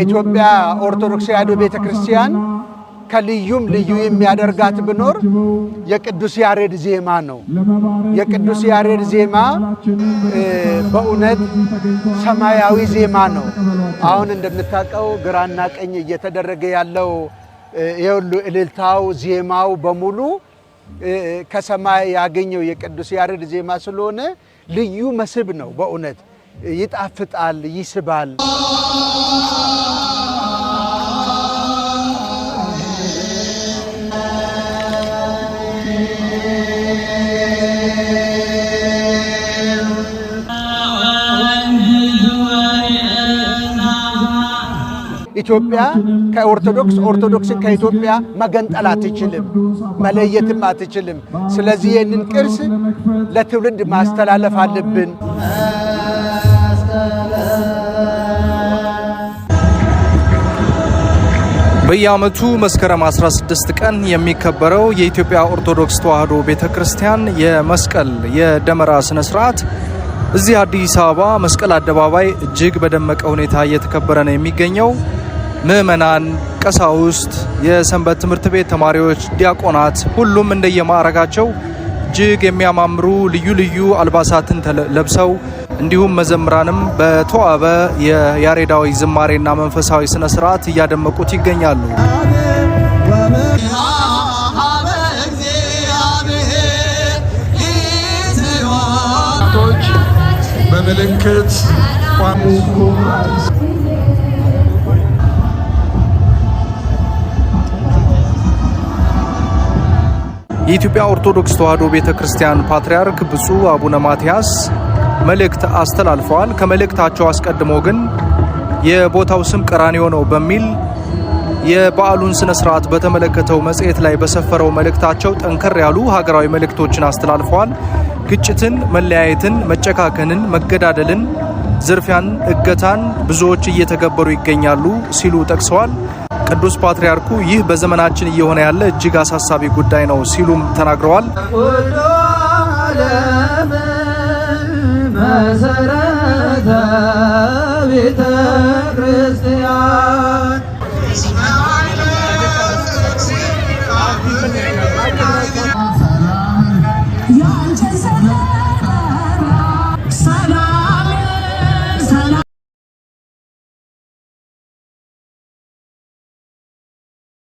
የኢትዮጵያ ኦርቶዶክስ ተዋሕዶ ቤተ ክርስቲያን ከልዩም ልዩ የሚያደርጋት ብኖር የቅዱስ ያሬድ ዜማ ነው። የቅዱስ ያሬድ ዜማ በእውነት ሰማያዊ ዜማ ነው። አሁን እንደምታውቀው ግራና ቀኝ እየተደረገ ያለው የሁሉ እልልታው ዜማው በሙሉ ከሰማይ ያገኘው የቅዱስ ያሬድ ዜማ ስለሆነ ልዩ መስህብ ነው በእውነት ይጣፍጣል፣ ይስባል። ኢትዮጵያ ከኦርቶዶክስ ኦርቶዶክስን ከኢትዮጵያ መገንጠል አትችልም፣ መለየትም አትችልም። ስለዚህ ይህንን ቅርስ ለትውልድ ማስተላለፍ አለብን። በየዓመቱ መስከረም 16 ቀን የሚከበረው የኢትዮጵያ ኦርቶዶክስ ተዋሕዶ ቤተ ክርስቲያን የመስቀል የደመራ ስነ ስርዓት እዚህ አዲስ አበባ መስቀል አደባባይ እጅግ በደመቀ ሁኔታ እየተከበረ ነው የሚገኘው። ምዕመናን፣ ቀሳውስት፣ የሰንበት ትምህርት ቤት ተማሪዎች፣ ዲያቆናት ሁሉም እንደየማዕረጋቸው እጅግ የሚያማምሩ ልዩ ልዩ አልባሳትን ለብሰው እንዲሁም መዘምራንም በተዋበ የያሬዳዊ ዝማሬና መንፈሳዊ ስነ ስርዓት እያደመቁት ይገኛሉ። ምልክት ቋሙ የኢትዮጵያ ኦርቶዶክስ ተዋሕዶ ቤተ ክርስቲያን ፓትርያርክ ብፁዕ አቡነ ማትያስ መልእክት አስተላልፈዋል። ከመልእክታቸው አስቀድሞ ግን የቦታው ስም ቀራንዮ ነው በሚል የበዓሉን ስነ ስርዓት በተመለከተው መጽሔት ላይ በሰፈረው መልእክታቸው ጠንከር ያሉ ሀገራዊ መልእክቶችን አስተላልፈዋል። ግጭትን፣ መለያየትን፣ መጨካከንን፣ መገዳደልን፣ ዝርፊያን፣ እገታን ብዙዎች እየተገበሩ ይገኛሉ ሲሉ ጠቅሰዋል። ቅዱስ ፓትርያርኩ ይህ በዘመናችን እየሆነ ያለ እጅግ አሳሳቢ ጉዳይ ነው ሲሉም ተናግረዋል። መሰረተ ቤተ